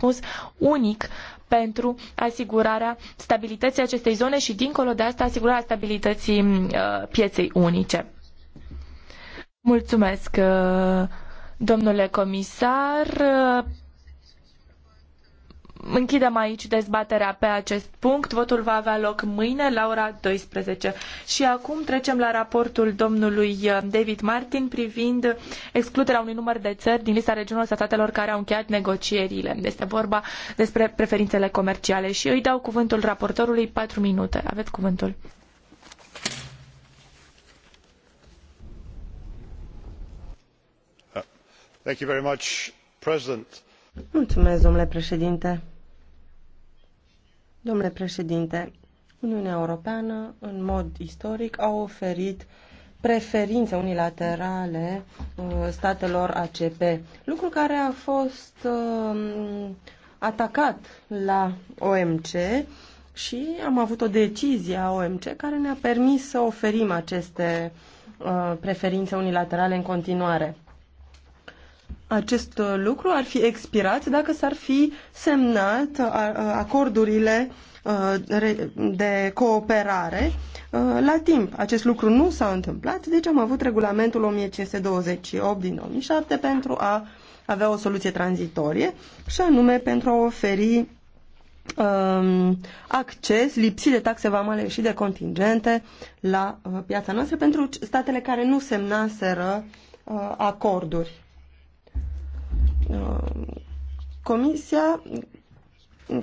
răspuns unic pentru asigurarea stabilității acestei zone și, dincolo de asta, asigurarea stabilității uh, pieței unice. Mulțumesc, uh, domnule comisar închidem aici dezbaterea pe acest punct. Votul va avea loc mâine la ora 12. Și acum trecem la raportul domnului uh, David Martin privind excluderea unui număr de țări din lista regiunilor statelor care au încheiat negocierile. Este vorba despre preferințele comerciale și îi dau cuvântul raportorului patru minute. Aveți cuvântul. Uh, thank you very much, President. Mulțumesc, domnule președinte. Domnule președinte, Uniunea Europeană, în mod istoric, a oferit preferințe unilaterale uh, statelor ACP, lucru care a fost um, atacat la OMC și am avut o decizie a OMC care ne-a permis să oferim aceste uh, preferințe unilaterale în continuare acest uh, lucru ar fi expirat dacă s-ar fi semnat uh, uh, acordurile de cooperare la timp. Acest lucru nu s-a întâmplat, deci am avut regulamentul 1528 din 2007 pentru a avea o soluție tranzitorie și anume pentru a oferi um, acces lipsit de taxe vamale și de contingente la uh, piața noastră pentru statele care nu semnaseră uh, acorduri. Comisia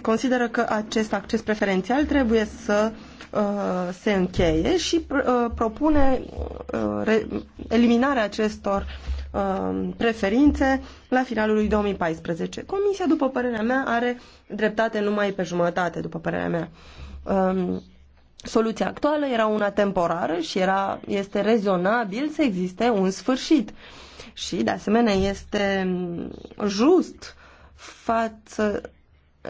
consideră că acest acces preferențial trebuie să uh, se încheie și uh, propune uh, eliminarea acestor preferințe la finalul lui 2014. Comisia, după părerea mea, are dreptate numai pe jumătate, după părerea mea. Um, soluția actuală era una temporară și era, este rezonabil să existe un sfârșit. Uh, și, de asemenea, este just față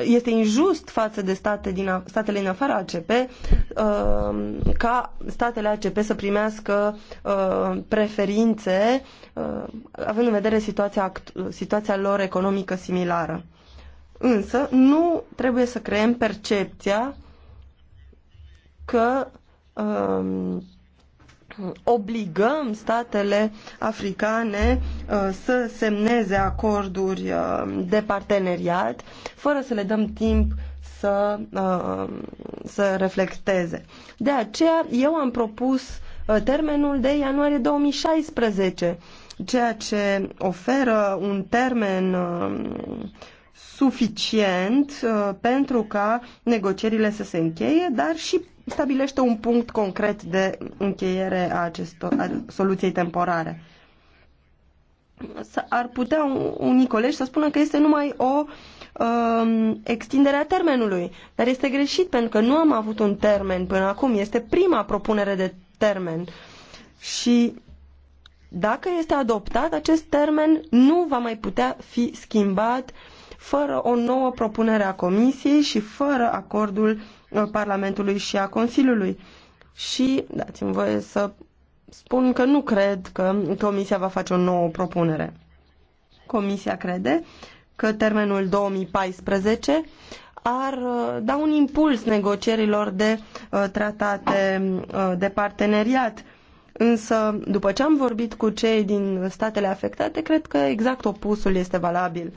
este injust față de state din, statele din afara ACP uh, ca statele ACP să primească uh, preferințe uh, având în vedere situația, situația lor economică similară. Însă nu trebuie să creăm percepția că uh, obligăm statele africane uh, să semneze acorduri uh, de parteneriat fără să le dăm timp să, uh, să reflecteze. De aceea eu am propus termenul de ianuarie 2016, ceea ce oferă un termen suficient uh, pentru ca negocierile să se încheie, dar și stabilește un punct concret de încheiere a, acestor, a soluției temporare. ar putea unii colegi să spună că este numai o uh, extindere a termenului, dar este greșit pentru că nu am avut un termen până acum. Este prima propunere de termen și dacă este adoptat, acest termen nu va mai putea fi schimbat uh, fără o nouă propunere a Comisiei și fără acordul uh, Parlamentului și a Consiliului. Și dați-mi voie să spun că nu cred că Comisia va face o nouă propunere. Comisia crede că termenul 2014 ar uh, da un impuls negocierilor de uh, tratate de parteneriat. Însă, după ce am vorbit cu cei din statele afectate, cred că exact opusul este valabil.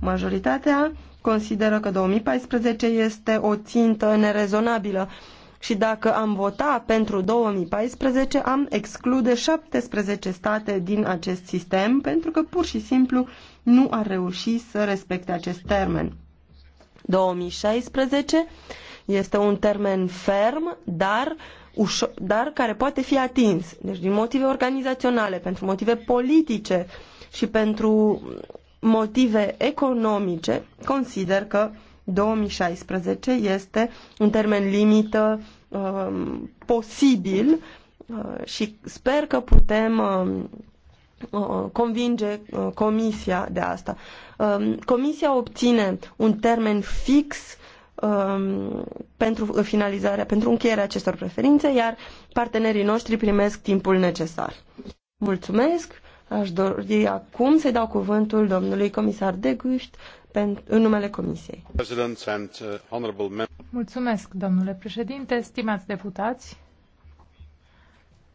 Majoritatea consideră că 2014 este o țintă nerezonabilă și dacă am vota pentru 2014, am exclude 17 state din acest sistem pentru că pur și simplu nu a reușit să respecte acest termen. 2016 este un termen ferm, dar, ușor, dar care poate fi atins. Deci din motive organizaționale, pentru motive politice și pentru motive economice, consider că 2016 este un termen limită um, posibil uh, și sper că putem um, uh, convinge uh, Comisia de asta. Um, comisia obține un termen fix um, pentru finalizarea, pentru încheierea acestor preferințe, iar partenerii noștri primesc timpul necesar. Mulțumesc! Aș dori acum să-i dau cuvântul domnului comisar de Gucht în numele Comisiei. Uh, Mulțumesc, domnule președinte, stimați deputați.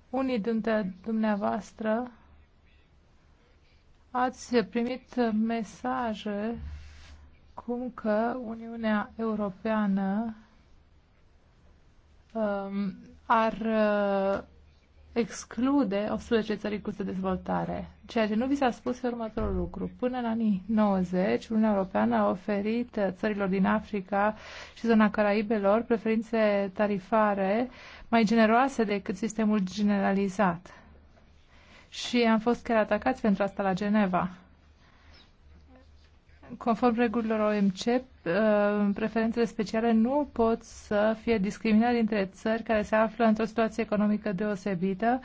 Unii dintre dumneavoastră ați primit mesaje cum că Uniunea Europeană um, ar uh, exclude 18 țări cu de dezvoltare. Ceea ce nu vi s-a spus e următorul lucru. Până în anii 90, Uniunea Europeană a oferit țărilor din Africa și zona Caraibelor preferințe tarifare mai generoase decât sistemul generalizat. Și am fost chiar atacați pentru asta la Geneva. Conform regulilor OMC, uh, preferințele speciale nu pot să fie discriminate între țări care se află într-o situație economică deosebită,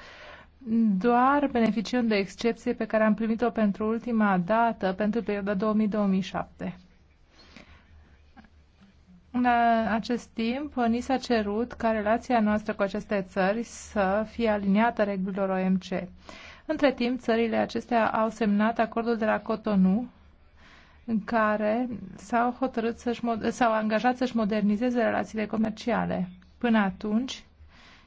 doar beneficiind de excepție pe care am primit-o pentru ultima dată, pentru perioada 2000-2007. În acest timp, ni s-a cerut ca relația noastră cu aceste țări să fie aliniată regulilor OMC. Între timp, țările acestea au semnat acordul de la Cotonou, în care s-au hotărât să-și, s-au angajat să-și modernizeze relațiile comerciale. Până atunci,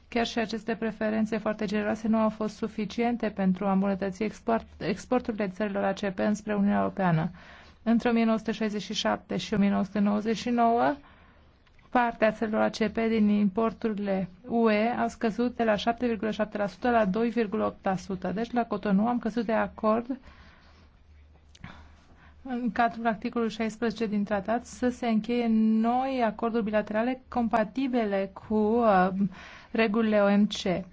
chiar și aceste preferențe foarte generoase nu au fost suficiente pentru a îmbunătăți export, exporturile țărilor ACP înspre Uniunea Europeană. Între 1967 și 1999, partea țărilor ACP din importurile UE a scăzut de la 7,7% la 2,8%. Deci la Cotonou am căzut de acord în cadrul articolului 16 din tratat, să se încheie noi acorduri bilaterale compatibile cu uh, regulile OMC.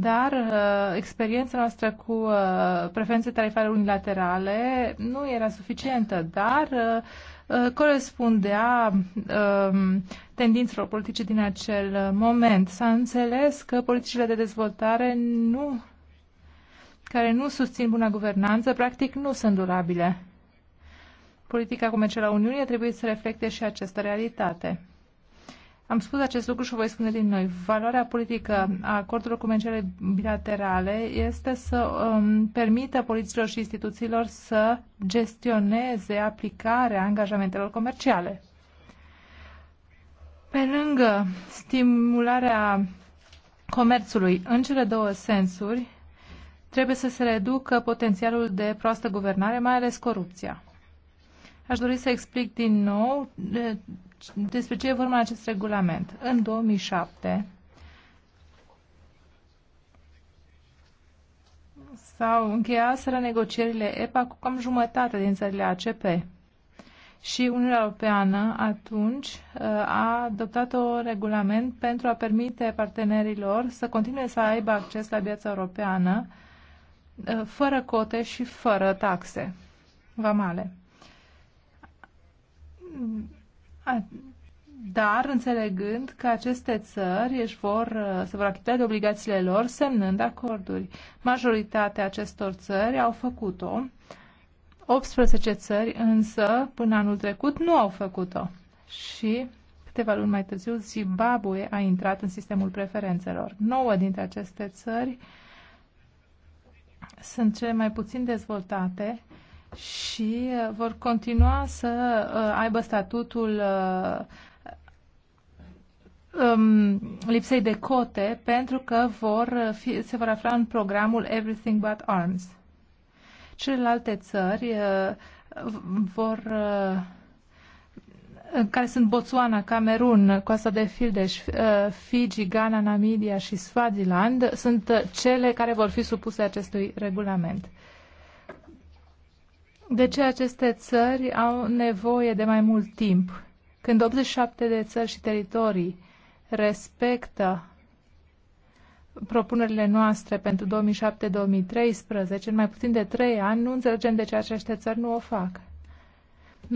Dar uh, experiența noastră cu uh, preferințe tarifare unilaterale nu era suficientă, dar uh, uh corespundea uh, tendințelor politice din acel moment. S-a înțeles că politicile de dezvoltare nu care nu susțin buna guvernanță, practic nu sunt durabile. Politica comercială a Uniunii trebuie să reflecte și această realitate. Am spus acest lucru și o voi spune din noi. Valoarea politică a acordurilor comerciale bilaterale este să um, permită polițiilor și instituțiilor să gestioneze aplicarea angajamentelor comerciale. Pe lângă stimularea comerțului în cele două sensuri, Trebuie să se reducă potențialul de proastă guvernare, mai ales corupția. Aș dori să explic din nou despre ce e vorba în acest regulament. În 2007 s-au încheiaseră negocierile EPA cu cam jumătate din țările ACP. Și Uniunea Europeană atunci uh, a adoptat un regulament pentru a permite partenerilor să continue să aibă acces la viața europeană Uh, fără cote și fără taxe vamale. Dar înțelegând că aceste țări își vor, uh, se vor achita de obligațiile lor semnând acorduri. Majoritatea acestor țări au făcut-o. 18 țări însă până anul trecut nu au făcut-o. Și câteva luni mai târziu Zimbabwe a intrat în sistemul preferențelor. 9 dintre aceste țări uh, sunt cele mai puțin dezvoltate și uh, vor continua să uh, aibă statutul uh, um, lipsei de cote pentru că vor fi, se vor afla în programul Everything But Arms. Celelalte țări vor care sunt Botswana, Camerun, Coasta de Fildeș, uh, Fiji, Ghana, Namibia și Swaziland, sunt cele care vor fi supuse acestui regulament. De ce aceste țări au nevoie de mai mult timp? Când 87 de țări și teritorii respectă propunerile noastre pentru 2007-2013, în mai puțin de 3 ani, nu înțelegem de ce aceste țări nu o fac.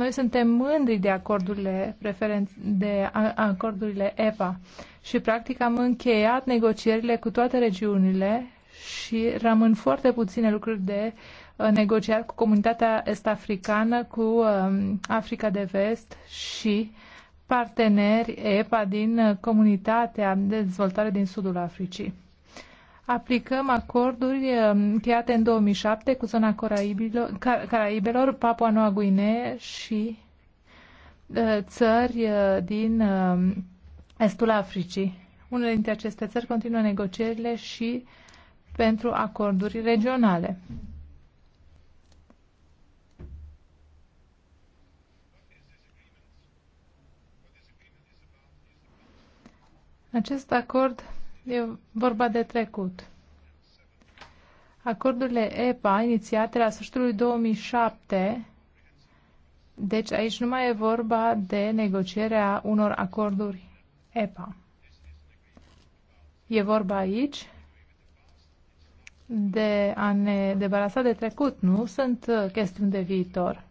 Noi suntem mândri de acordurile, preferen- de acordurile EPA și practic am încheiat negocierile cu toate regiunile și rămân foarte puține lucruri de uh, negociat cu comunitatea est-africană, cu um, Africa de Vest și parteneri EPA din uh, comunitatea de dezvoltare din sudul Africii aplicăm acorduri um, încheiate în 2007 cu zona Caraibelor, Papua Noua Guinee și uh, țări uh, din um, estul Africii. Unele dintre aceste țări continuă negocierile și pentru acorduri regionale. Acest acord E vorba de trecut. Acordurile EPA inițiate la sfârșitul 2007, deci aici nu mai e vorba de negocierea unor acorduri EPA. E vorba aici de a ne debarasa de trecut, nu sunt uh, chestiuni de viitor.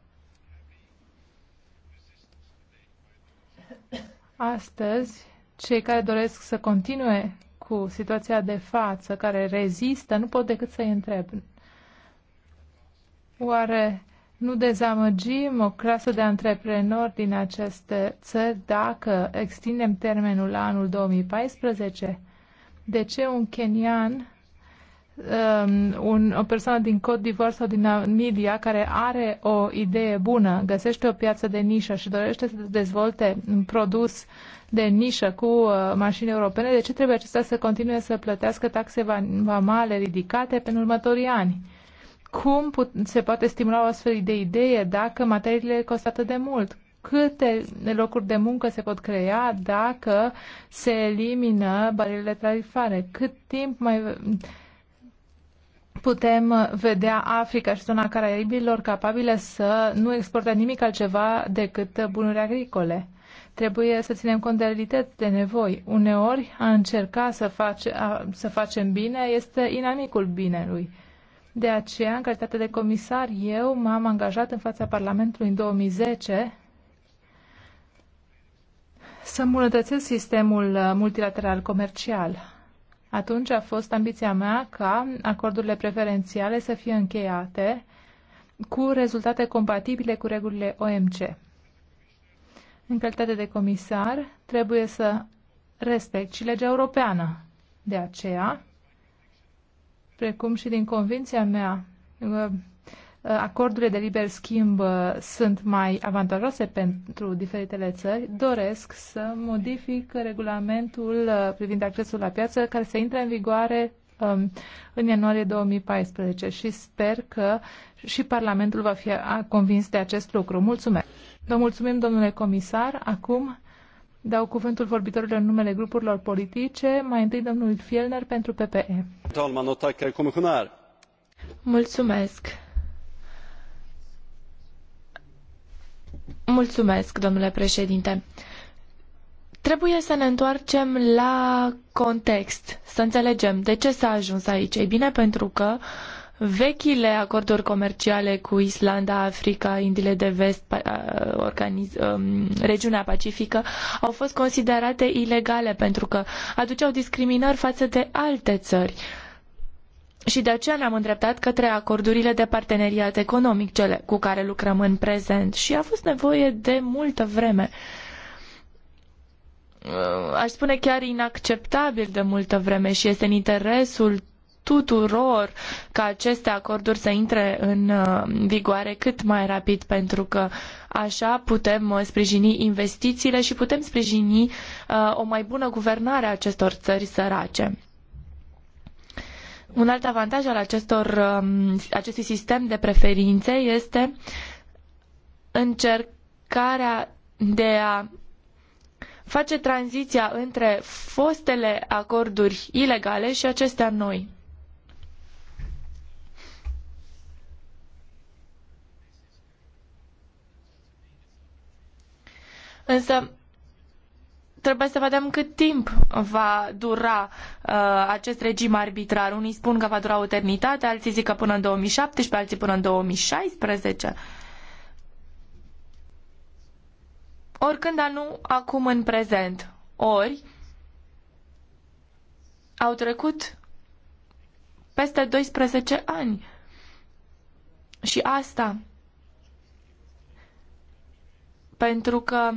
Astăzi, cei care doresc să continue cu situația de față, care rezistă, nu pot decât să-i întreb. Oare nu dezamăgim o clasă de antreprenori din aceste țări dacă extindem termenul la anul 2014? De ce un kenian um, un, o persoană din Côte d'Ivoire sau din Namibia care are o idee bună, găsește o piață de nișă și dorește să dezvolte un produs de nișă cu uh, mașini europene, de ce trebuie acesta să continue să plătească taxe vamale ridicate pentru următorii ani? Cum put, se poate stimula o astfel de idee dacă materiile costă atât de mult? câte locuri de muncă se pot crea dacă se elimină barierele tarifare, cât timp mai putem uh, vedea Africa și zona Caraibilor capabile să nu exporte nimic altceva decât bunuri agricole. Trebuie să ținem cont de realități, de nevoi. Uneori, a încerca să, face, a, să facem bine este inamicul binelui. De aceea, în calitate de comisar, eu m-am angajat în fața Parlamentului în 2010 să îmbunătățesc sistemul uh, multilateral comercial. Atunci a fost ambiția mea ca acordurile preferențiale să fie încheiate cu rezultate compatibile cu regulile OMC. În calitate de comisar, trebuie să respect și legea europeană. De aceea, precum și din convinția mea Uh, acordurile de liber schimb uh, sunt mai avantajoase pentru diferitele țări, doresc să modific regulamentul uh, privind accesul la piață care să intre în vigoare um, în ianuarie 2014 și sper că și Parlamentul va fi convins de acest lucru. Mulțumesc! Vă mulțumim, domnule comisar. Acum dau cuvântul vorbitorilor în numele grupurilor politice. Mai întâi, domnul Fielner pentru PPE. Mulțumesc! Mulțumesc, domnule președinte. Trebuie să ne întoarcem la context, să înțelegem de ce s-a ajuns aici. Ei bine, pentru că vechile acorduri comerciale cu Islanda, Africa, Indiile de Vest, organiz, um, regiunea pacifică au fost considerate ilegale pentru că aduceau discriminări față de alte țări. Uh, și de aceea ne-am îndreptat către acordurile de parteneriat economic, cele cu care lucrăm în prezent. Și a fost nevoie de multă vreme. Uh, aș spune chiar inacceptabil de multă vreme și este în interesul tuturor ca aceste acorduri să intre în uh, vigoare cât mai rapid, pentru că așa putem uh, sprijini investițiile și putem sprijini o mai bună guvernare a acestor țări sărace. Un alt avantaj al acestor, um, acestui sistem de preferințe este încercarea de a face tranziția între fostele acorduri ilegale și acestea noi. Însă Trebuie să vedem cât timp va dura uh, acest regim arbitrar. Unii spun că va dura o eternitate, alții zic că până în 2017, alții până în 2016. Oricând, dar nu acum în prezent. Ori au trecut peste 12 ani. Și asta pentru că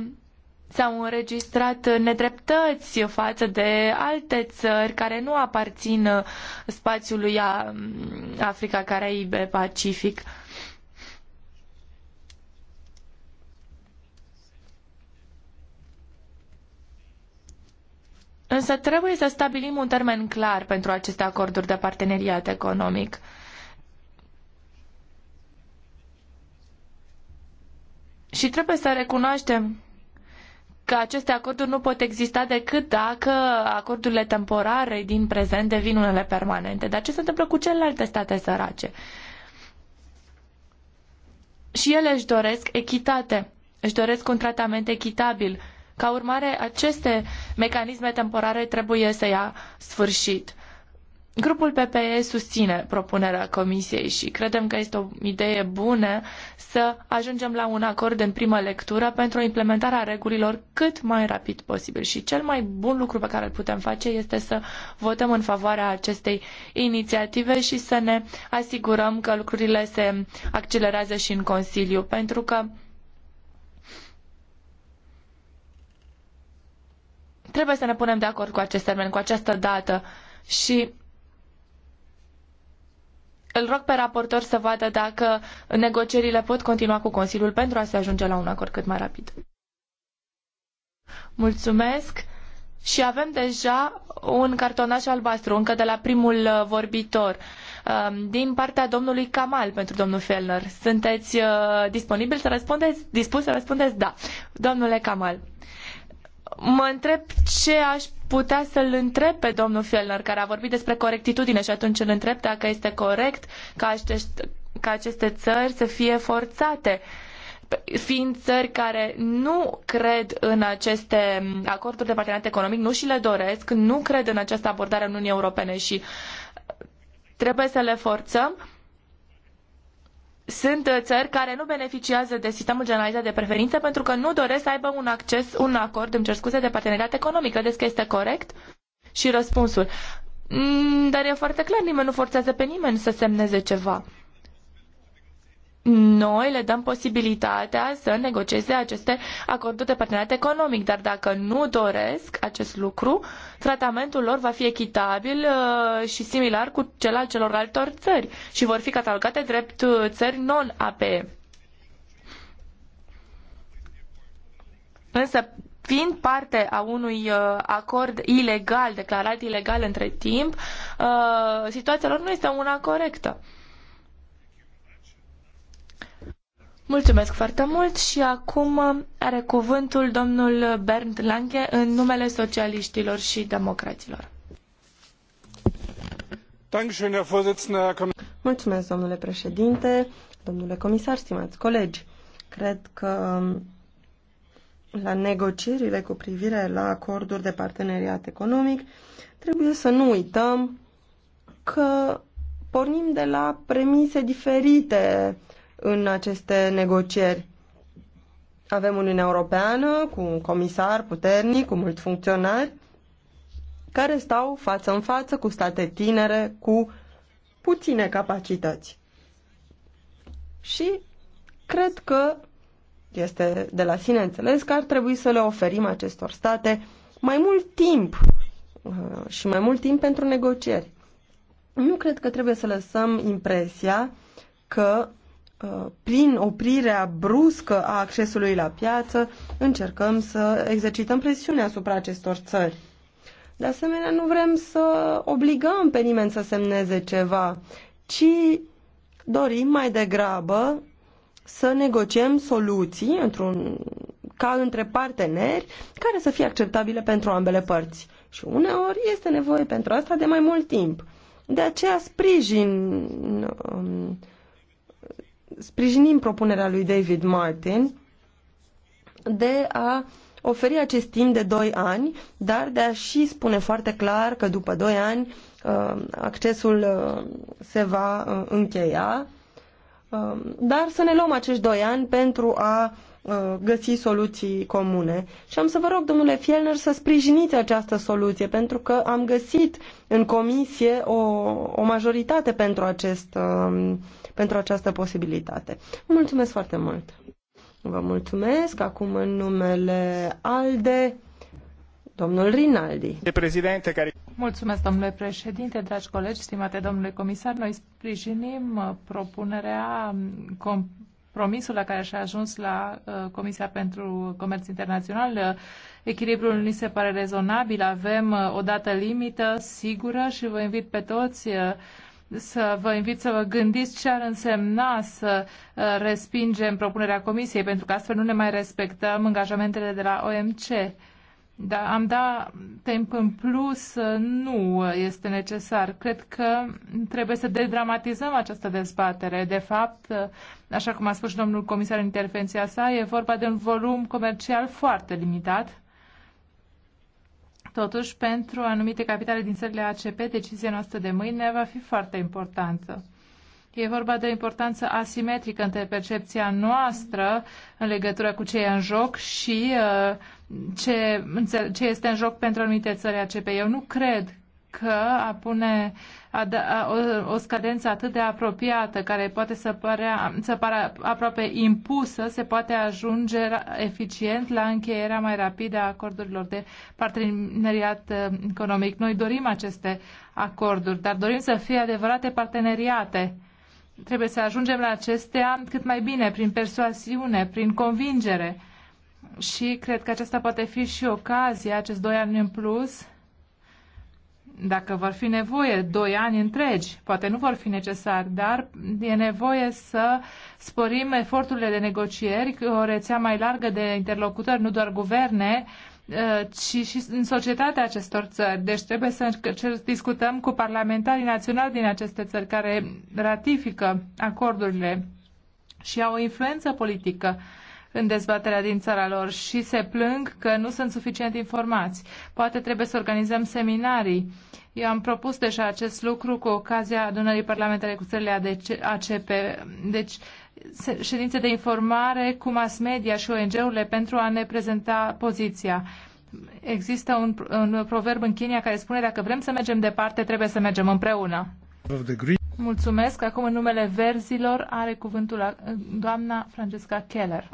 S-au înregistrat nedreptăți față de alte țări care nu aparțin spațiului Africa, Caraibe, Pacific. Însă trebuie să stabilim un termen clar pentru aceste acorduri de parteneriat economic. Și trebuie să recunoaștem că aceste acorduri nu pot exista decât dacă acordurile temporare din prezent devin unele permanente. Dar ce se întâmplă cu celelalte state sărace? Și ele își doresc echitate, își doresc un tratament echitabil. Ca urmare, aceste mecanisme temporare trebuie să ia sfârșit. Grupul PPE susține propunerea Comisiei și credem că este o idee bună să ajungem la un acord în primă lectură pentru implementarea regulilor cât mai rapid posibil. Și cel mai bun lucru pe care îl putem face este să votăm în favoarea acestei inițiative și să ne asigurăm că lucrurile se accelerează și în Consiliu, pentru că trebuie să ne punem de acord cu acest termen, cu această dată și îl rog pe raportor să vadă dacă negocierile pot continua cu Consiliul pentru a se ajunge la un acord cât mai rapid. Mulțumesc. Și avem deja un cartonaș albastru, încă de la primul uh, vorbitor, um, din partea domnului Kamal pentru domnul Fellner. Sunteți uh, disponibil să răspundeți? Dispus să răspundeți? Da. Domnule Kamal mă întreb ce aș putea să-l întreb pe domnul Fielner, care a vorbit despre corectitudine și atunci îl întreb dacă este corect ca, aceste ca aceste țări să fie forțate fiind țări care nu cred în aceste acorduri de parteneriat economic, nu și le doresc, nu cred în această abordare a Uniunii Europene și trebuie să le forțăm sunt uh, țări care nu beneficiază de sistemul generalizat de preferințe pentru că nu doresc să aibă un acces, un acord, îmi cer scuze, de parteneriat economic. Credeți că este corect? Și răspunsul. Mm, dar e foarte clar, nimeni nu forțează pe nimeni să semneze ceva noi le dăm posibilitatea să negocieze aceste acorduri de parteneriat economic, dar dacă nu doresc acest lucru, tratamentul lor va fi echitabil uh, și similar cu cel al altor țări și vor fi catalogate drept uh, țări non-APE. Însă, fiind parte a unui uh, acord ilegal, declarat ilegal între timp, situația lor nu este una corectă. Mulțumesc foarte mult și acum are cuvântul domnul Bernd Lange în numele socialiștilor și democraților. Mulțumesc, domnule președinte, domnule comisar, stimați colegi. Cred că la negocierile cu privire la acorduri de parteneriat economic trebuie să nu uităm că pornim de la premise diferite în aceste negocieri. Avem Uniunea Europeană cu un comisar puternic, cu mulți funcționari, care stau față în față cu state tinere, cu puține capacități. Și cred că este de la sine înțeles că ar trebui să le oferim acestor state mai mult timp uh, și mai mult timp pentru negocieri. Nu cred că trebuie să lăsăm impresia că Uh, prin oprirea bruscă a accesului la piață, încercăm să exercităm presiune asupra acestor țări. De asemenea, nu vrem să obligăm pe nimeni să semneze ceva, ci dorim mai degrabă să negociem soluții într-un, ca între parteneri care să fie acceptabile pentru ambele părți. Și uneori este nevoie pentru asta de mai mult timp. De aceea sprijin um, sprijinim propunerea lui David Martin de a oferi acest timp de 2 ani, dar de a și spune foarte clar că după 2 ani uh, accesul uh, se va uh, încheia, dar să ne luăm acești 2 ani pentru a Uh, găsi soluții comune. Și am să vă rog, domnule Fielner, să sprijiniți această soluție, pentru că am găsit în comisie o, o majoritate pentru, acest, um, pentru această posibilitate. Mulțumesc foarte mult! Vă mulțumesc. Acum în numele ALDE, domnul Rinaldi. Președinte, care... Mulțumesc, domnule președinte, dragi colegi, stimate domnule comisar. Noi sprijinim propunerea promisul la care și-a ajuns la uh, Comisia pentru Comerț Internațional. Uh, echilibrul ni se pare rezonabil, avem uh, o dată limită sigură și vă invit pe toți să vă invit să vă gândiți ce ar însemna să respingem propunerea Comisiei, pentru că astfel nu ne mai respectăm angajamentele de la OMC. Da, am da timp în plus, nu este necesar. Cred că trebuie să dedramatizăm această dezbatere. De fapt, așa cum a spus și domnul comisar în intervenția sa, e vorba de un volum comercial foarte limitat. Totuși, pentru anumite capitale din țările ACP, decizia noastră de mâine va fi foarte importantă. E vorba de o importanță asimetrică între percepția noastră în legătură cu ce e în joc și uh, ce, ce este în joc pentru anumite țări ACP. Eu nu cred că a pune a da, a, o, o scadență atât de apropiată, care poate să, părea, să pară aproape impusă, se poate ajunge eficient la încheierea mai rapidă a acordurilor de parteneriat uh, economic. Noi dorim aceste acorduri, dar dorim să fie adevărate parteneriate. Trebuie să ajungem la acestea cât mai bine, prin persoasiune, prin convingere și cred că aceasta poate fi și ocazia, acest doi ani în plus, dacă vor fi nevoie, doi ani întregi, poate nu vor fi necesari, dar e nevoie să sporim eforturile de negocieri, o rețea mai largă de interlocutori, nu doar guverne, uh, ci și în societatea acestor țări. Deci trebuie să discutăm cu parlamentarii naționali din aceste țări care ratifică acordurile și au o influență politică în dezbaterea din țara lor și se plâng că nu sunt suficient informați. Poate trebuie să organizăm seminarii. Eu am propus deja acest lucru cu ocazia adunării parlamentare cu țările ACP. Deci, ședințe de informare cu mass media și ONG-urile pentru a ne prezenta poziția. Există un, un proverb în Kenya care spune dacă vrem să mergem departe, trebuie să mergem împreună. Mulțumesc. Acum în numele verzilor are cuvântul doamna Francesca Keller.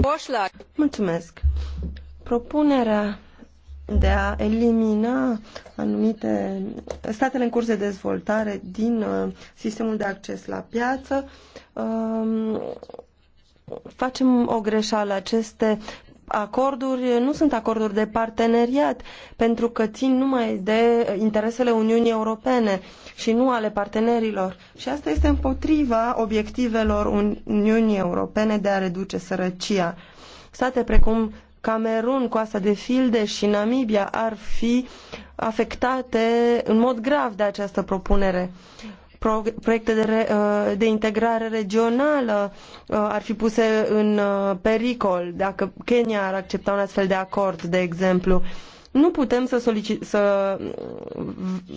Mulțumesc. Propunerea de a elimina anumite statele în curs de dezvoltare din uh, sistemul de acces la piață um, facem o greșeală. Aceste acorduri nu sunt acorduri de parteneriat, pentru că țin numai de interesele Uniunii Europene și nu ale partenerilor. Și asta este împotriva obiectivelor Uniunii Europene de a reduce sărăcia. State precum Camerun, Coasta de Filde și Namibia ar fi afectate în mod grav de această propunere proiecte de, uh, de integrare regională uh, ar fi puse în uh, pericol dacă Kenya ar accepta un astfel de acord, de exemplu. Nu putem să, să,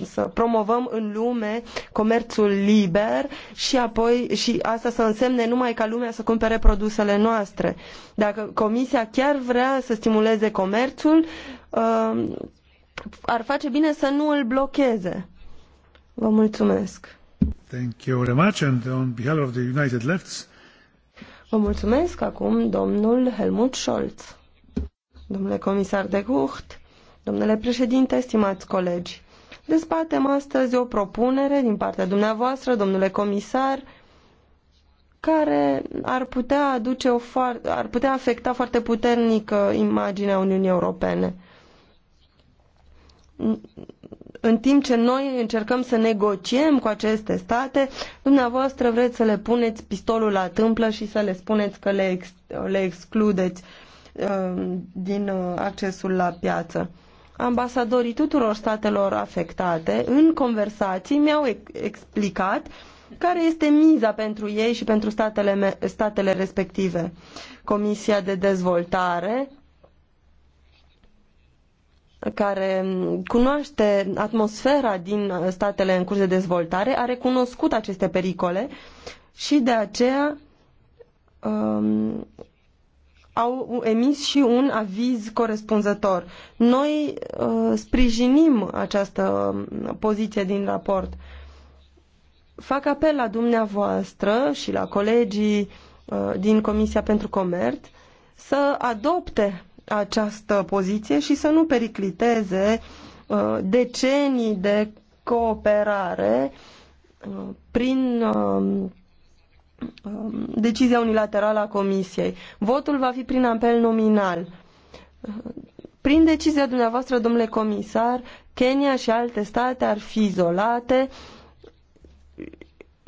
să promovăm în lume comerțul liber și apoi și asta să însemne numai ca lumea să cumpere produsele noastre. Dacă Comisia chiar vrea să stimuleze comerțul, ar face bine să nu îl blocheze. Vă mulțumesc. Vă mulțumesc acum domnul Helmut Scholz. Domnule comisar de Gucht, domnule președinte, stimați colegi, dezbatem astăzi o propunere din partea dumneavoastră, domnule comisar, care ar putea, aduce o ar putea afecta foarte puternic uh, imaginea Uniunii Europene în timp ce noi încercăm să negociem cu aceste state, dumneavoastră vreți să le puneți pistolul la tâmplă și să le spuneți că le, ex, le excludeți uh, din uh, accesul la piață. Ambasadorii tuturor statelor afectate, în conversații, mi-au explicat care este miza pentru ei și pentru statele, statele respective. Comisia de dezvoltare care cunoaște atmosfera din statele în curs de dezvoltare, a recunoscut aceste pericole și de aceea um, au emis și un aviz corespunzător. Noi uh, sprijinim această um, poziție din raport. Fac apel la dumneavoastră și la colegii uh, din Comisia pentru Comerț să adopte această poziție și să nu pericliteze uh, decenii de cooperare uh, prin um, um, decizia unilaterală a Comisiei. Votul va fi prin apel nominal. Uh, prin decizia dumneavoastră, domnule comisar, Kenya și alte state ar fi izolate uh,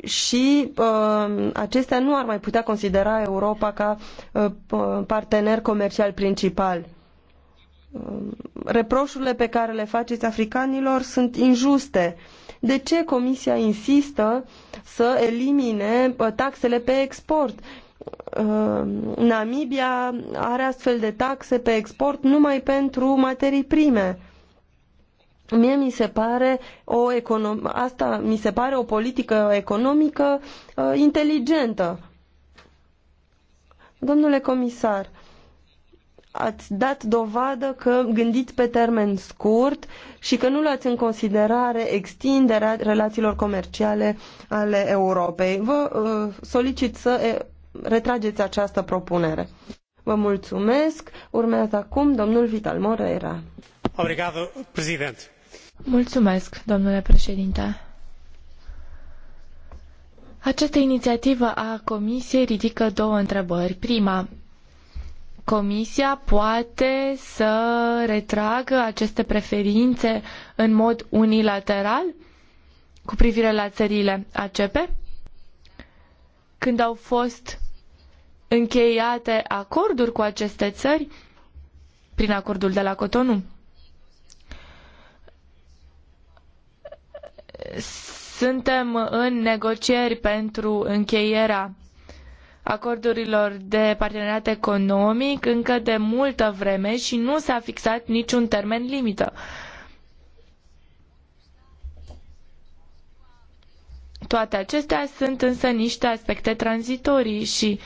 și uh, acestea nu ar mai putea considera Europa ca uh, uh, partener comercial principal. Uh, reproșurile pe care le faceți africanilor sunt injuste. De ce Comisia insistă să elimine uh, taxele pe export? Uh, Namibia are astfel de taxe pe export numai pentru materii prime Mie mi se pare o econom... asta mi se pare o politică economică uh, inteligentă. Domnule comisar, ați dat dovadă că gândiți pe termen scurt și că nu luați în considerare extinderea relațiilor comerciale ale Europei. Vă uh, solicit să e- retrageți această propunere. Vă mulțumesc. Urmează acum domnul Vital Moreira. Obrigado, presidente. Mulțumesc, domnule președinte. Această inițiativă a Comisiei ridică două întrebări. Prima, Comisia poate să retragă aceste preferințe în mod unilateral cu privire la țările ACP? Când au fost încheiate acorduri cu aceste țări prin acordul de la Cotonou? Suntem în negocieri pentru încheierea acordurilor de parteneriat economic încă de multă vreme și nu s-a fixat niciun termen limită. Toate acestea sunt însă niște aspecte tranzitorii și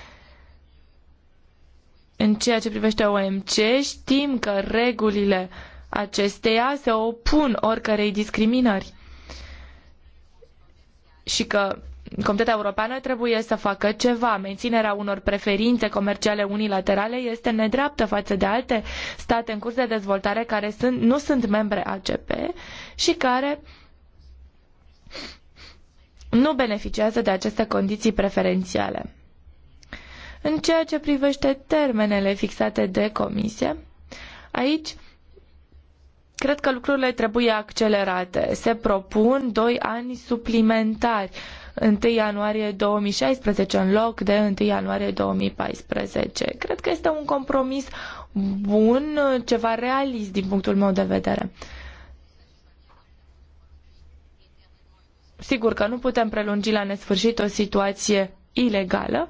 în ceea ce privește OMC știm că regulile acesteia se opun oricărei discriminări și că Comunitatea Europeană trebuie să facă ceva. Menținerea unor preferințe comerciale unilaterale este nedreaptă față de alte state în curs de dezvoltare care sunt, nu sunt membre ACP și care nu beneficiază de aceste condiții preferențiale. În ceea ce privește termenele fixate de comisie, aici Cred că lucrurile trebuie accelerate. Se propun doi ani suplimentari. 1 ianuarie 2016 în loc de 1 ianuarie 2014. Cred că este un compromis bun, ceva realist din punctul meu de vedere. Sigur că nu putem prelungi la nesfârșit o situație ilegală,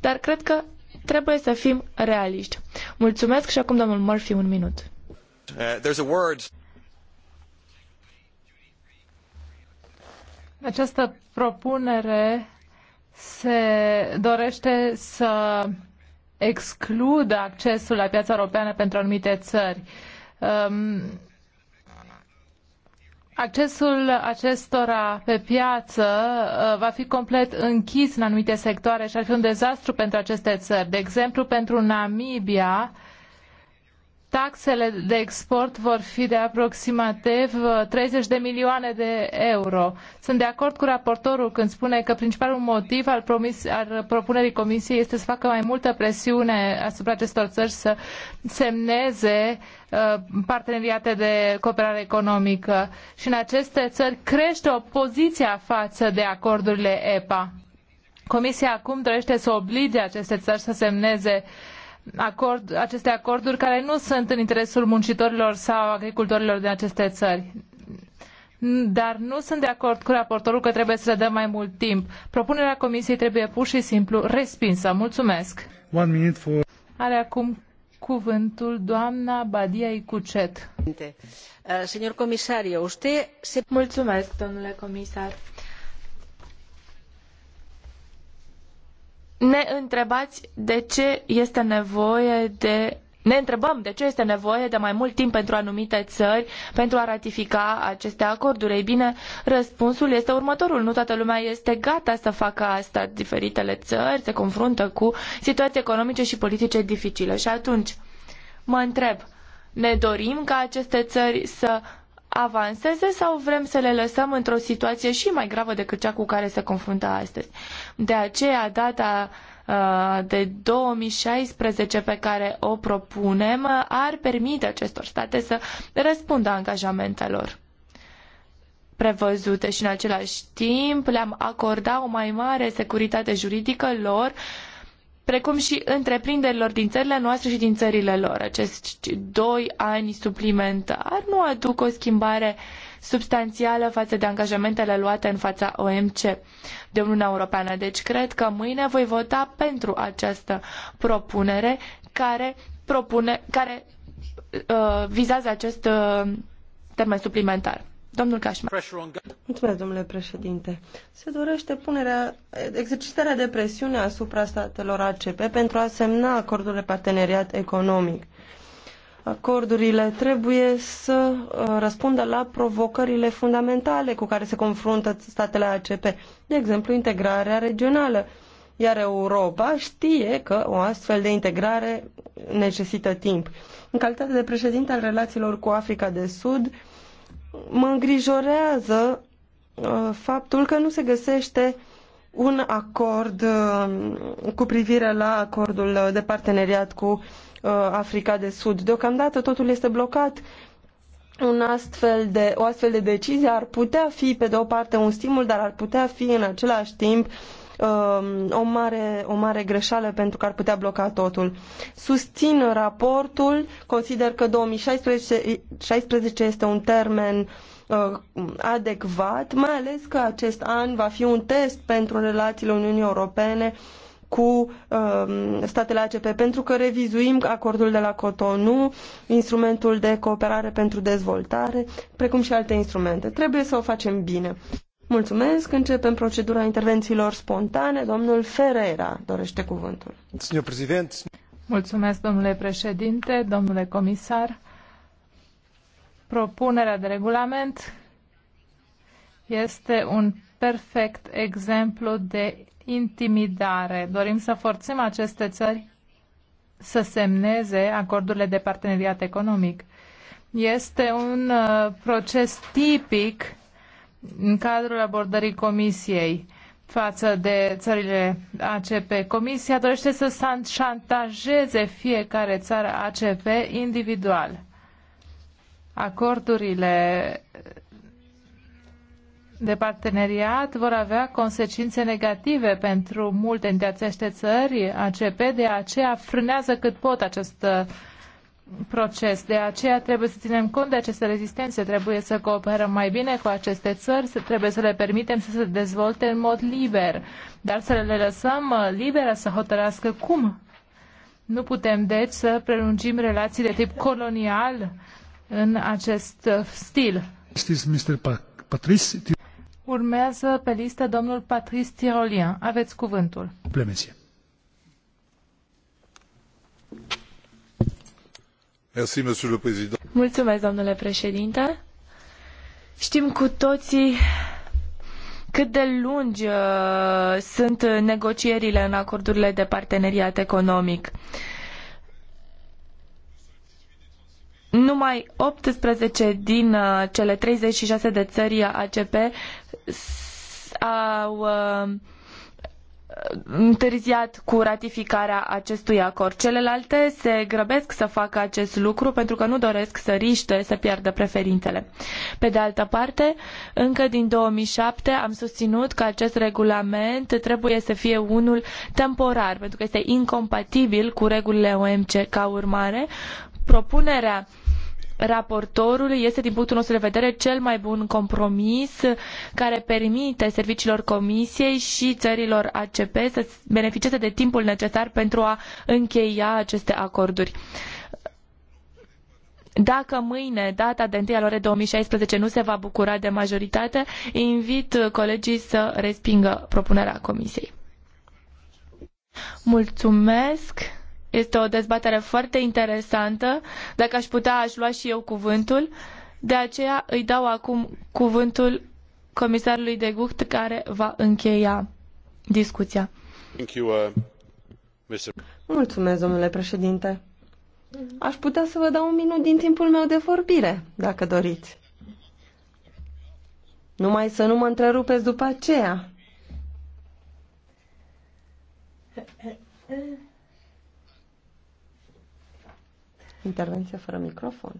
dar cred că trebuie să fim realiști. Mulțumesc și acum domnul Murphy un minut. Uh, Această propunere se dorește să excludă accesul la piața europeană pentru anumite țări. Um, Accesul acestora pe piață uh, va fi complet închis în anumite sectoare și ar fi un dezastru pentru aceste țări. De exemplu, pentru Namibia, Taxele de export vor fi de aproximativ 30 uh, de milioane de euro. Sunt de acord cu raportorul când spune că principalul motiv al, promis, al propunerii comisiei este să facă mai multă presiune asupra acestor țări să semneze uh, parteneriate de cooperare economică și în aceste țări crește opoziția față de acordurile EPA. Comisia acum dorește să oblige aceste țări să semneze uh, acord, aceste acorduri care nu sunt în interesul muncitorilor sau agricultorilor din aceste țări. Dar nu sunt de acord cu raportorul că trebuie să le dăm mai mult timp. Propunerea comisiei trebuie pur și simplu respinsă. Mulțumesc. One minute for... Are acum cuvântul doamna Badia Icucet. Uh, Mulțumesc, domnule comisar ne întrebați de ce este nevoie de ne întrebăm de ce este nevoie de mai mult timp pentru anumite țări pentru a ratifica aceste acorduri. Ei bine, răspunsul este următorul. Nu toată lumea este gata să facă asta. Diferitele țări se confruntă cu situații economice și politice dificile. Și atunci, mă întreb, ne dorim ca aceste țări să avanseze sau vrem să le lăsăm într-o situație și mai gravă decât cea cu care se confruntă astăzi. De aceea, data uh, de 2016 pe care o propunem ar permite acestor state să răspundă angajamentelor prevăzute și în același timp le-am acorda o mai mare securitate juridică lor uh, precum și întreprinderilor din țările noastre și din țările lor. Acești doi ani suplimentari nu aduc o schimbare substanțială față de angajamentele luate în fața OMC de Uniunea Europeană. Deci cred că mâine voi vota pentru această propunere care, propune, care uh, vizează acest uh, termen suplimentar. Domnul domnule președinte. Se dorește punerea, exercitarea de presiune asupra statelor ACP pentru a semna acordul de parteneriat economic. Acordurile trebuie să uh, răspundă la provocările fundamentale cu care se confruntă statele ACP, de exemplu integrarea regională, iar Europa știe că o astfel de integrare necesită timp. În calitate de președinte al relațiilor cu Africa de Sud, mă îngrijorează uh, faptul că nu se găsește un acord uh, cu privire la acordul de parteneriat cu uh, Africa de Sud. Deocamdată totul este blocat. Un astfel de, o astfel de decizie ar putea fi, pe de o parte, un stimul, dar ar putea fi în același timp uh, Um, o mare, o mare greșeală pentru că ar putea bloca totul. Susțin raportul, consider că 2016 este un termen uh, adecvat, mai ales că acest an va fi un test pentru relațiile Uniunii Europene cu um, statele ACP, pentru că revizuim acordul de la Cotonou, instrumentul de cooperare pentru dezvoltare, precum și alte instrumente. Trebuie să o facem bine. Mulțumesc. Începem procedura intervențiilor spontane. Domnul Ferreira dorește cuvântul. Mulțumesc, domnule președinte, domnule comisar. Propunerea de regulament este un perfect exemplu de intimidare. Dorim să forțăm aceste țări să semneze acordurile de parteneriat economic. Este un uh, proces tipic în cadrul abordării Comisiei față de țările ACP. Comisia dorește să șantajeze fiecare țară ACP individual. Acordurile de parteneriat vor avea consecințe negative pentru multe dintre aceste țări ACP, de aceea frânează cât pot acest proces. De aceea trebuie să ținem cont de aceste rezistențe, trebuie să cooperăm mai bine cu aceste țări, trebuie să le permitem să se dezvolte în mod liber, dar să le lăsăm uh, libere să hotărască cum. Nu putem, deci, să prelungim relații de tip colonial în acest uh, stil. Urmează pe listă domnul Patrice Tirolien. Aveți cuvântul. Plemesie. Mulțumesc, domnule președinte. Știm cu toții cât de lungi uh, sunt negocierile în acordurile de parteneriat economic. Numai 18 din uh, cele 36 de țări ACP au uh, întârziat cu ratificarea acestui acord. Celelalte se grăbesc să facă acest lucru pentru că nu doresc să riște să piardă preferințele. Pe de altă parte, încă din 2007 am susținut că acest regulament trebuie să fie unul temporar pentru că este incompatibil cu regulile OMC ca urmare. Propunerea raportorul este, din punctul nostru de vedere, cel mai bun compromis care permite serviciilor Comisiei și țărilor ACP să beneficieze de timpul necesar pentru a încheia aceste acorduri. Dacă mâine, data de 1 al orei 2016, nu se va bucura de majoritate, invit colegii să respingă propunerea Comisiei. Mulțumesc! Este o dezbatere foarte interesantă. Dacă aș putea, aș lua și eu cuvântul. De aceea îi dau acum cuvântul comisarului de Gucht care va încheia discuția. Uh, Mulțumesc, domnule președinte. Aș putea să vă dau un minut din timpul meu de vorbire, dacă doriți. Numai să nu mă întrerupeți după aceea. Intervenție fără microfon.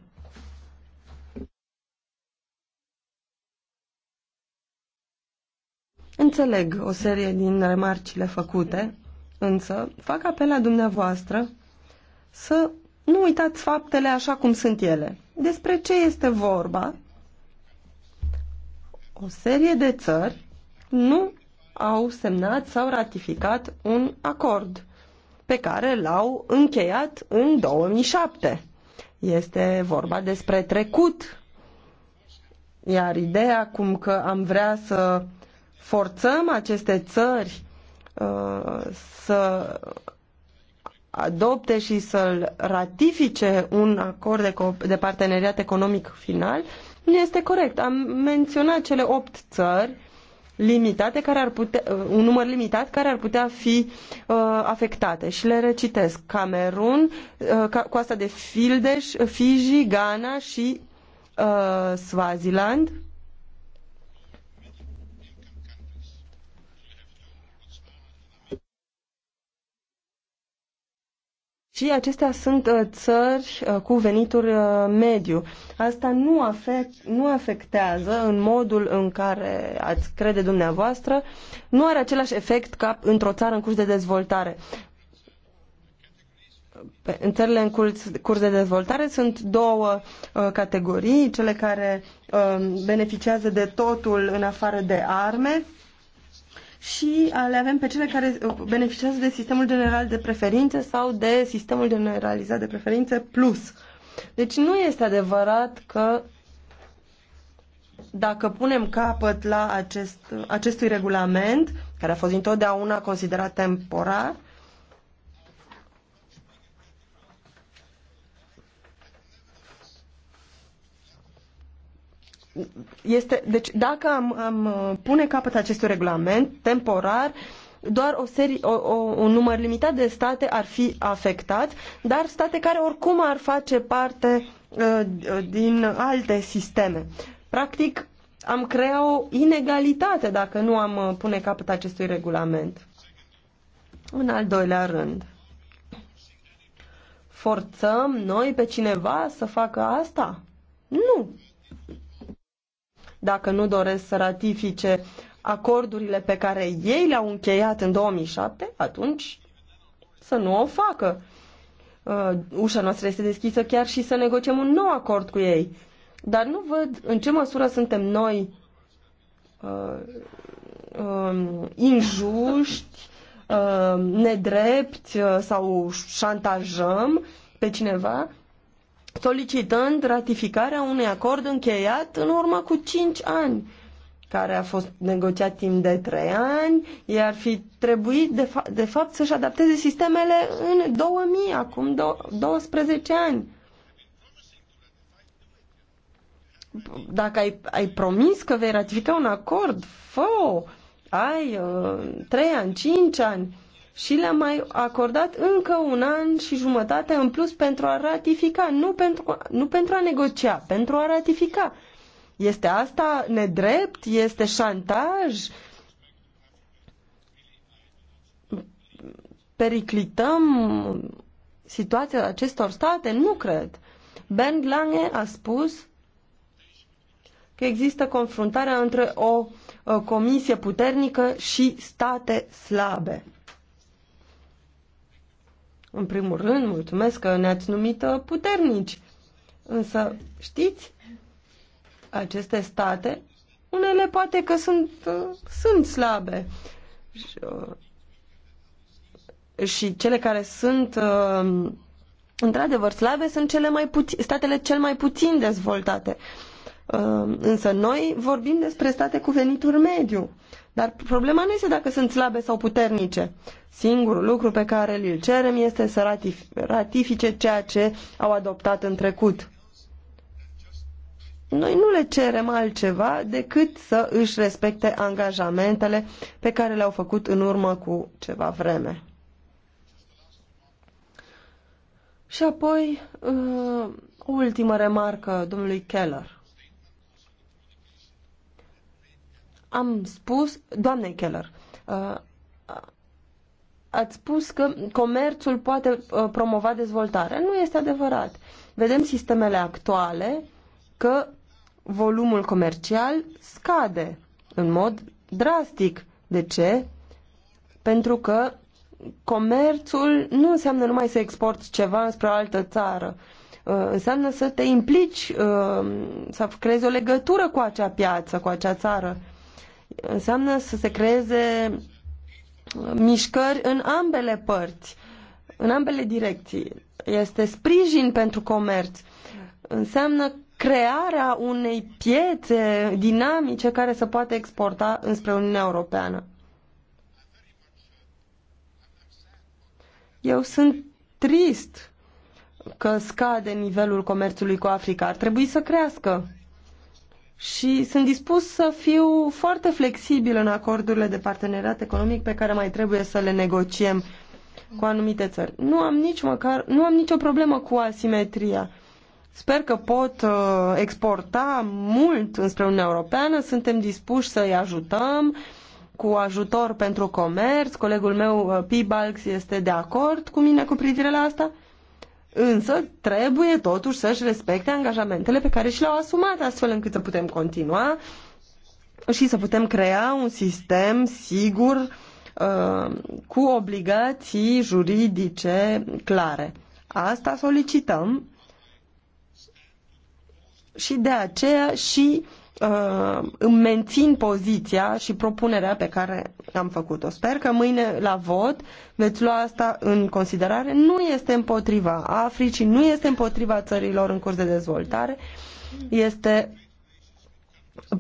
Înțeleg o serie din remarcile făcute, însă fac apel la dumneavoastră să nu uitați faptele așa cum sunt ele. Despre ce este vorba? O serie de țări nu au semnat sau ratificat un acord pe care l-au încheiat în 2007. Este vorba despre trecut. Iar ideea cum că am vrea să forțăm aceste țări uh, să adopte și să-l ratifice un acord de, de parteneriat economic final, nu este corect. Am menționat cele opt țări limitate care ar putea, un număr limitat care ar putea fi uh, afectate. Și le recitesc. Camerun, uh, coasta de Fildeș, Fiji, Ghana și uh, Swaziland Și acestea sunt uh, țări uh, cu venituri uh, mediu. Asta nu, afect, nu afectează în modul în care ați crede dumneavoastră, nu are același efect ca într-o țară în curs de dezvoltare. În țările în curs, curs de dezvoltare sunt două uh, categorii, cele care uh, beneficiază de totul în afară de arme și le avem pe cele care uh, beneficiază de sistemul general de preferințe sau de sistemul generalizat de preferințe plus. Deci nu este adevărat că dacă punem capăt la acest, acestui regulament, care a fost întotdeauna considerat temporar, este, deci dacă am, am uh, pune capăt acestui regulament temporar, doar o serie, o, o, un număr limitat de state ar fi afectat, dar state care oricum ar face parte uh, din alte sisteme. Practic, am crea o inegalitate dacă nu am uh, pune capăt acestui regulament. În al doilea rând, forțăm noi pe cineva să facă asta? Nu dacă nu doresc să ratifice acordurile pe care ei le-au încheiat în 2007, atunci să nu o facă. Uh, ușa noastră este deschisă chiar și să negociem un nou acord cu ei. Dar nu văd în ce măsură suntem noi uh, um, injuști, uh, nedrepti uh, sau șantajăm pe cineva solicitând ratificarea unui acord încheiat în urmă cu 5 ani, care a fost negociat timp de 3 ani, iar fi trebuit de, fa- de fapt să-și adapteze sistemele în 2000, acum 12 ani. Dacă ai, ai promis că vei ratifica un acord, fă -o. Ai uh, ani, 5 ani și le-a mai acordat încă un an și jumătate în plus pentru a ratifica, nu pentru, nu pentru a negocia, pentru a ratifica. Este asta nedrept? Este șantaj? Periclităm situația acestor state? Nu cred. Ben Lange a spus că există confruntarea între o, o comisie puternică și state slabe. În primul rând, mulțumesc că ne-ați numit uh, puternici. Însă, știți, aceste state, unele poate că sunt, uh, sunt slabe. Și, uh, și cele care sunt într-adevăr slabe sunt cele mai puțin, statele cel mai puțin dezvoltate. Ehm, însă noi vorbim despre state cu venituri mediu. Dar problema nu este dacă sunt slabe sau puternice. Singurul lucru pe care îl cerem este să ratifice ceea ce au adoptat în trecut. Noi nu le cerem altceva decât să își respecte angajamentele pe care le-au făcut în urmă cu ceva vreme. Și apoi, ehm, o ultimă remarcă domnului Keller. am spus, doamne Keller, uh, ați spus că comerțul poate uh, promova dezvoltarea. Nu este adevărat. Vedem sistemele actuale că volumul comercial scade în mod drastic. De ce? Pentru că comerțul nu înseamnă numai să exporti ceva spre o altă țară. Uh, înseamnă să te implici, să creezi o legătură cu acea piață, cu acea țară Înseamnă să se creeze mișcări în ambele părți, în ambele direcții. Este sprijin pentru comerț. Înseamnă crearea unei piețe dinamice care să poată exporta înspre Uniunea Europeană. Eu sunt trist că scade nivelul comerțului cu Africa. Ar trebui să crească și sunt dispus să fiu foarte flexibil în acordurile de parteneriat economic pe care mai trebuie să le negociem cu anumite țări. Nu am nici măcar, nu am nicio problemă cu asimetria. Sper că pot uh, exporta mult înspre Uniunea Europeană, suntem dispuși să-i ajutăm cu ajutor pentru comerț. Colegul meu, uh, P. Balx, este de acord cu mine cu privire la asta însă trebuie totuși să-și respecte angajamentele pe care și le-au asumat, astfel încât să putem continua și să putem crea un sistem sigur uh, cu obligații juridice clare. Asta solicităm și de aceea și uh, Uh, îmi mențin poziția și propunerea pe care am făcut-o. Sper că mâine la vot veți lua asta în considerare. Nu este împotriva Africii, nu este împotriva țărilor în curs de dezvoltare, este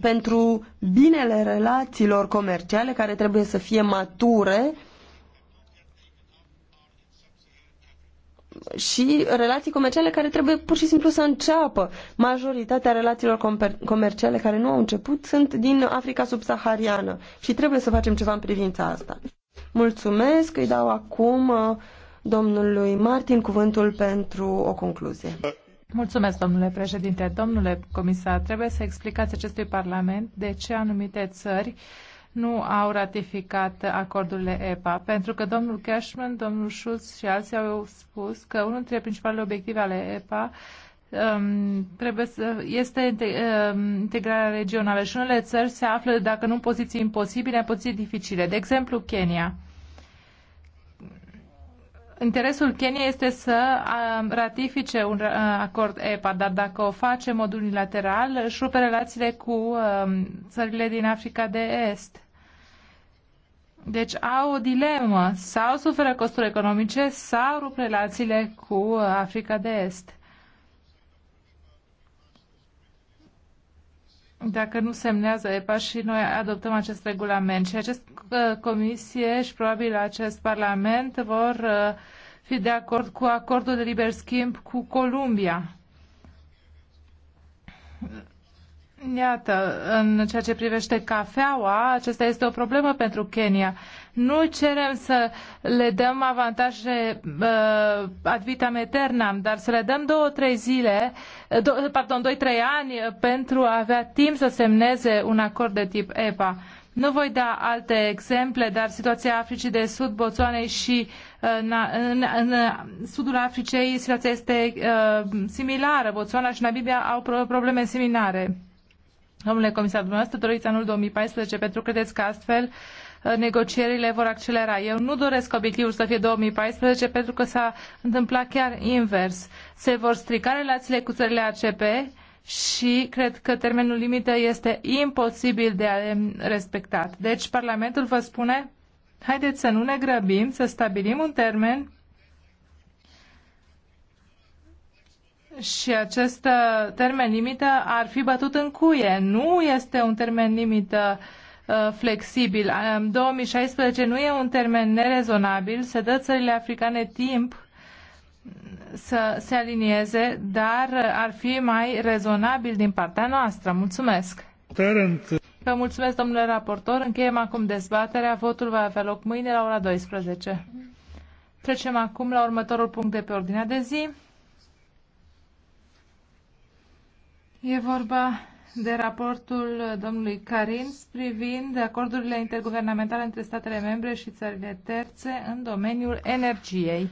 pentru binele relațiilor comerciale care trebuie să fie mature uh, și relații comerciale care trebuie pur și simplu să înceapă. Majoritatea relațiilor comer comerciale care nu au început sunt din Africa subsahariană și trebuie să facem ceva în privința asta. Mulțumesc, îi dau acum uh, domnului Martin cuvântul pentru o concluzie. Mulțumesc, domnule președinte. Domnule comisar, trebuie să explicați acestui Parlament de ce anumite țări nu au ratificat acordurile EPA, pentru că domnul Cashman, domnul Schulz și alții au spus că unul dintre principalele obiective ale EPA um, trebuie să, este um, integrarea regională și unele țări se află, dacă nu în poziții imposibile, în poziții dificile. De exemplu, Kenya. Interesul Keniei este să um, ratifice un uh, acord EPA, dar dacă o face în mod unilateral, își rupe relațiile cu um, țările din Africa de Est. Deci au o dilemă, sau suferă costuri economice, sau rup relațiile cu Africa de Est. Dacă nu semnează EPA și noi adoptăm acest regulament și această uh, comisie și probabil acest parlament vor uh, fi de acord cu acordul de liber schimb cu Columbia Iată, în ceea ce privește cafeaua, acesta este o problemă pentru Kenya. Nu cerem să le dăm avantaje uh, ad vitam aeternam, dar să le dăm două, trei zile, uh, do, pardon, doi, trei ani pentru a avea timp să semneze un acord de tip EPA. Nu voi da alte exemple, dar situația Africii de Sud, Botswanei și uh, în, în, în uh, sudul Africei situația este uh, similară. Botswana și Namibia au probleme similare. Domnule comisar, dumneavoastră doriți anul 2014 pentru credeți că astfel uh, negocierile vor accelera. Eu nu doresc obiectivul să fie 2014 pentru că s-a întâmplat chiar invers. Se vor strica relațiile cu țările ACP și cred că termenul limită este imposibil de a respectat. Deci Parlamentul vă spune, haideți să nu ne grăbim, să stabilim un termen și acest uh, termen limită ar fi bătut în cuie. Nu este un termen limită uh, flexibil. 2016 nu e un termen nerezonabil. Se dă țările africane timp să se alinieze, dar ar fi mai rezonabil din partea noastră. Mulțumesc! Tarant. Vă mulțumesc, domnule raportor. Încheiem acum dezbaterea. Votul va avea loc mâine la ora 12. Trecem acum la următorul punct de pe ordinea de zi. E vorba de raportul domnului Carins privind acordurile interguvernamentale între statele membre și țările terțe în domeniul energiei.